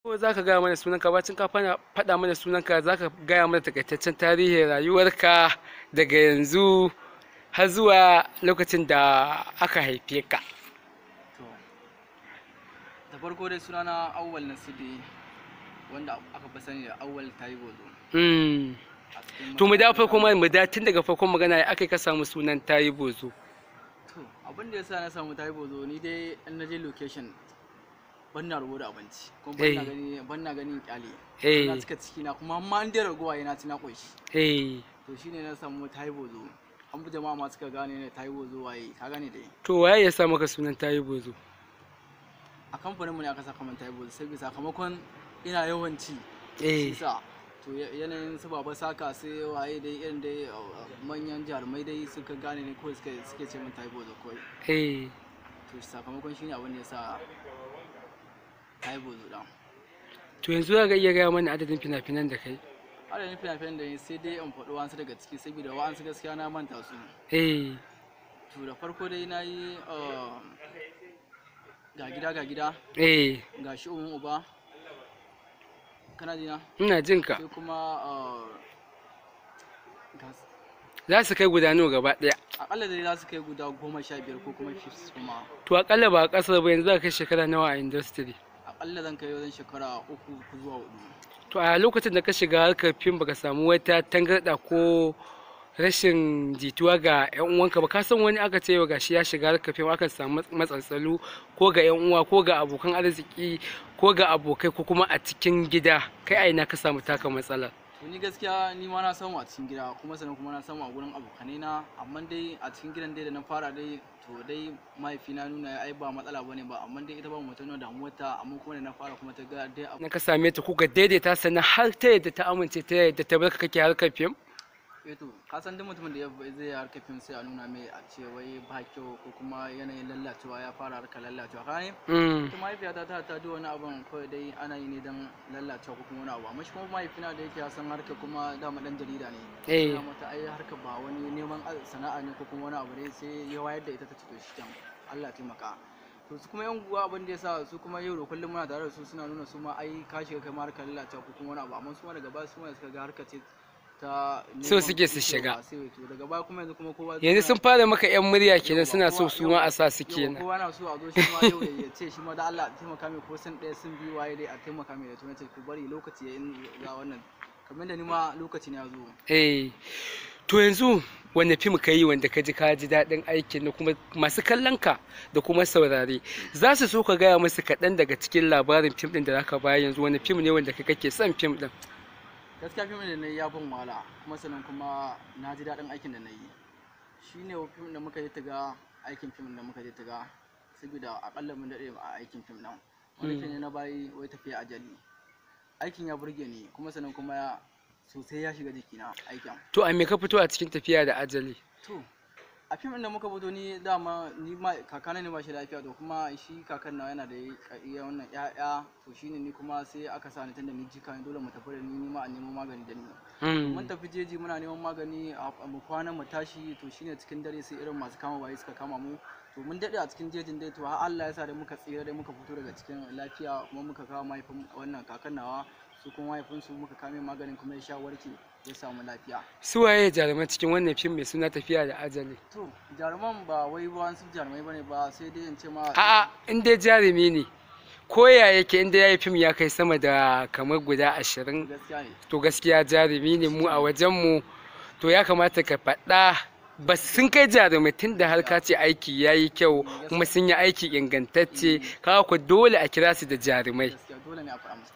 ko za ka gaya mana sunanka bacin ka faɗa mana sunanka za ka gaya mana takaitaccen tarihin rayuwarka daga yanzu har zuwa lokacin da aka haife ka da farko dai sunana awwal nasibi wanda aka fi sani da awwal taibozo hmm. to mu da farko ma mu da tun daga farkon magana ya aka ka samu sunan taibozo to abin da yasa na samu taibozo ni dai an je location ban na rago da abinci kuma ban na eh. ganin kyale eh na cika ciki na kuma amma an dai ragowa yana ci na koshi eh. to shine na samu taibo zo an bi jama'a ma suka gane ne taibo zo waye ka gane dai to waye ya sa maka sunan taibo zo a kamfanin mu ne aka saka man taibo zo saboda sakamakon ina yawan ci eh to yanayin su baba saka sai waye dai irin dai manyan jarumai dai suka gane ne kawai suke ce min taibo zo kawai eh to sakamakon shine abin da ya sa na yi to yanzu za iya gaya mana adadin fina-finan da kai adadin fina-finan da sai dai in faɗo wasu daga ciki saboda wa'ansu gaskiya na manta su eh to da farko dai na yi um, ga gida ga gida eh ga shi umu uba kana jina ina jin ka sai kuma uh, za su kai guda nawa gaba daya akalla dai za su kai guda goma sha biyar ko kuma fifth kuma to akalla ba a kasar ba yanzu za ka kai shekara nawa a industry Allah zan kai wajen shekara uku zuwa hudu to a lokacin da ka shiga harkar fim baka samu wata tangarda ko rashin jituwa ga yan uwanka ba ka san wani aka ce ga shi ya shiga harkar fim aka samu matsantsalu ko ga yan uwa ko ga abokan arziki ko ga abokai ko kuma a cikin gida kai a ina ka samu taka matsala ni gaskiya ni ma na samu a cikin gida kuma sannan kuma na samu a gurin abokanai na amma dai a cikin gidan dai da na fara dai to dai mahaifina nuna ai ba matsala bane ba amma dai ita ba mu tana damuwar ta amma kuma da na fara kuma ta ga dai na ka same ta ku kuka daidaita sannan har ta yadda ta amince ta yadda ta barka kake harkar fim eto kasan da duk mutumin da zai harka fim sai a nuna mai a ce wai ba kyau ko kuma yanayin lallacewa ya fara harka lallacewa kai ne mm. to mahaifiyata ta ta wani abin kawai dai ana yi ne don lallacewa ko kuma wani abu amma shi kuma mahaifina da yake san harka kuma dama dan jarida ne eh mata ai harka ba wani neman sana'a ne ko kuma wani abu ne sai ya wayar da ita ta ce shi can Allah taimaka to su kuma yan guwa abin da yasa su kuma yau da kullum muna tare da su suna nuna su ma ai kashi kai ma harka lallacewa ko kuma wani abu amma su ma daga baya su ma suka ga harka ce so suke su shiga yanzu sun fara maka yan murya kenan suna so su ma a sa su kenan kowa na so a zo shi ma yau ya ce shi ma da Allah a taimaka mai ko sun ɗaya sun biyu waye dai a taimaka mai da tunatar ku bari lokaci ya yi za wannan kamar da ni ma lokaci ne ya zo eh to yanzu wanda fim ka yi wanda ka ji ka ji daɗin aikin da kuma masu kallon ka da kuma saurare za su so ka gaya musu kaɗan daga cikin labarin fim ɗin da zaka bayar yanzu wani fim ne wanda ka kake son fim ɗin gaskiya fim da na yi ya ban wala kuma sannan kuma na ji daɗin aikin da na yi shine fim da muka yi ta aikin fim da muka yi ta ga saboda akalla mun daɗe a aikin fim nan. wani ne na bayi wai tafiya a jali aikin ya burge ni kuma sannan kuma sosai ya shiga jikina aikin to a me ka fito a cikin tafiya da ajali to a fim da muka fito ni dama ni ma kakana ne ba shi lafiya to kuma shi kakan na yana da iya wannan ƴaƴa to shine ni kuma sai aka sa ni tunda ni jika ni dole mu tafi da ni ma a neman magani da ni hmm. mun tafi jeji muna neman magani a mu kwana mu tashi to shine cikin dare sai irin masu kama bayi suka kama mu to mun dade a cikin jejin dai to har Allah ya sa da muka tsira dai muka fito daga cikin lafiya kuma muka kawo mahaifin wannan kakan nawa su kuma mahaifinsu muka kame maganin kuma ya sha warke ya samu lafiya su waye jaruman cikin wannan fim mai suna tafiya da ajali to jaruman ba wai ba wasu jarumai bane ba sai dai in ma a'a in dai jarumi ne ko ya yake inda ya yi fim ya kai sama da kamar guda ashirin to gaskiya jarumi ne mu a wajenmu to ya kamata ka faɗa ba sun kai jarumi tun da har ka ce aiki ya yi kyau kuma sun yi aiki ingantacce kawo ku dole a kira su da jarumai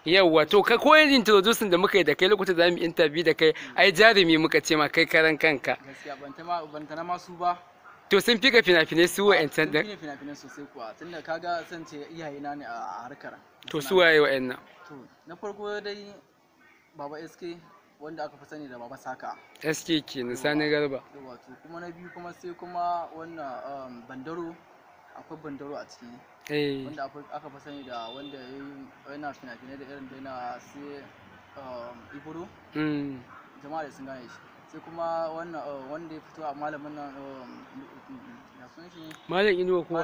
yawwa to ka koyar da introducing da muka yi da kai lokacin da mu interview da kai ai jarumi muka ce ma kai karan kanka gaskiya ban ta ma ban ta ma su ba to sun fika fina-finai su ah, wa yancan din fina fina-finai sosai kuwa tunda kaga san ce iyaye na ne a harkar to su waye wa nan to na farko dai baba SK wanda aka fi sani da baba saka SK ke na sani garba wato kuma na biyu kuma sai kuma wannan um, bandaro akwai bandaro a ciki eh. wanda aka fi sani da wanda yana fina-finai da irin da yana sai um, iburo hmm. jama'a da sun gane shi sai kuma wannan oh, wanda ya fito a malamin nan oh, mm, mm, ya sun shi malam inuwa ko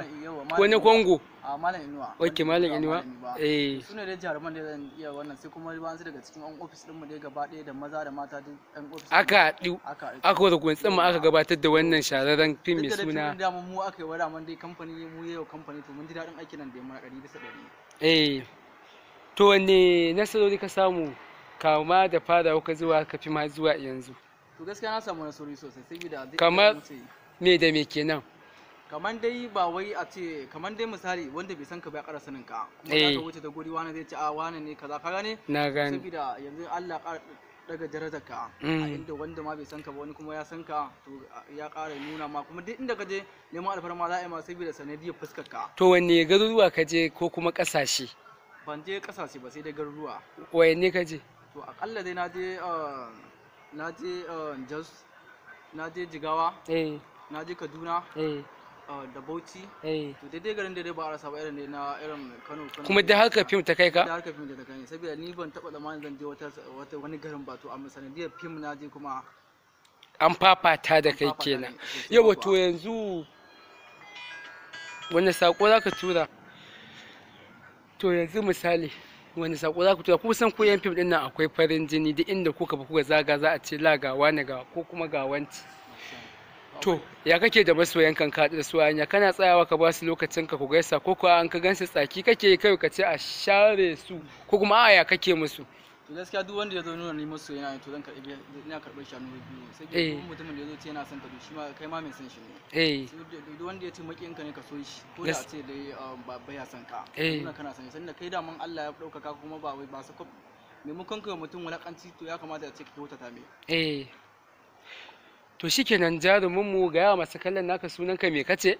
wani kongo a malam inuwa ok malam inuwa eh su ne da jaruman da zan iya wannan sai kuma ba su daga cikin an ofis din mu dai gaba ɗaya da maza da mata duk an ofis aka ɗi aka wata gwantsin tsamma aka gabatar da wannan shahararren fim mai suna da mu mu aka yi wa raman dai kamfani mu yau kamfani to mun ji dadin aikin nan da mu mana bisa ɗari eh to wanne nasarori ka samu kama da fara ka zuwa ka fi ma zuwa yanzu to gaskiya kamar me da me kenan kamar a ce kamar dai misali wanda bai san ka ƙara sanin ka kuma za ka eh. wuce da guri wani ah, a na gane saboda ya to wanne garuruwa ka je ko kuma ƙasashe ban je ƙasashe ba sai dai garuruwa wayanne ka je to akalla dai na je ah, na je uh, jos na je jigawa eh. na je kaduna eh. uh, da bauchi eh. to daidai garin da dai ba a rasa ba irin ne na irin kano kano kuma da haka fim ta kai ka da haka film da kai saboda ni ban taba tsammanin zan je wata wata wani garin ba to amma sanadiyar fim na je kuma an fafata da kai kenan yawa to yanzu wanda sako zaka tura to yanzu misali wani sako za ku tura kuma kusan ko yan fim ɗin nan akwai farin jini duk inda kuka ba kuka zaga za a ce la ga wani ga ko kuma ga wanti to ya kake da masoyan kan ka da su anya kana tsayawa ka ba su lokacin ka ku gaisa ko ko an ka gansu tsaki kake kai ka ce a share su ko kuma a ya kake musu to gaskiya duk wanda ya zo nuna ni masu yana to zan karɓi ina karɓar shanu hannu biyu sai eh. ke kuma mutumin da ya zo ce yana son ka shi ma kai ma mai son shi ne eh duk wanda ya ce makiyin ka ne ka so shi ko da ce dai ah, ba ya son ka kuma eh. kana son shi sanda kai da mun Allah ya ɗaukaka kuma ba wai ba su ko maimakon kai mutum wulakanci to ya kamata ya ce ka kyautata mai eh to shikenan jarumin mu ga yawa masu kallon naka sunan ka me kace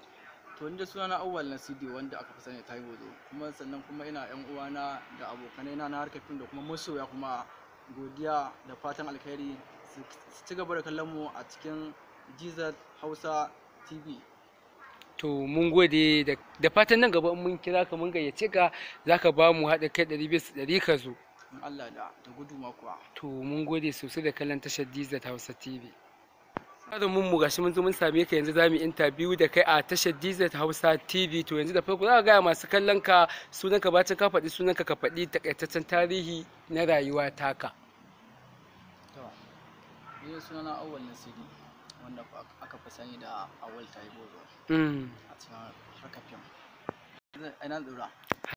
to inda na awal na cd wanda aka fi sani taiwo zo kuma sannan kuma ina yan uwana da abokanai na harkar fim da kuma masoya kuma godiya da fatan alkhairi su ci gaba da kallon mu a cikin jizat hausa tv to mun gode da fatan nan gaba mun kira ka mun gayyace ka zaka ba mu haɗa kai ɗari bisa ɗari ka zo in Allah da da makuwa. kuwa to mun gode sosai da kallon tashar jizat hausa tv mun mu gashi mun zo mun same ka yanzu zamu interview da kai a tashar DZ Hausa TV to yanzu da farko za ka gaya masu kallon ka sunan ka bacin ka faɗi sunan ka ka faɗi takaitaccen tarihi na rayuwa taka. To, ni sunan na Awwal Nasiri wanda aka fi sani da Awwal Taibo. Mm. A cikin harkar fim. Ina dora.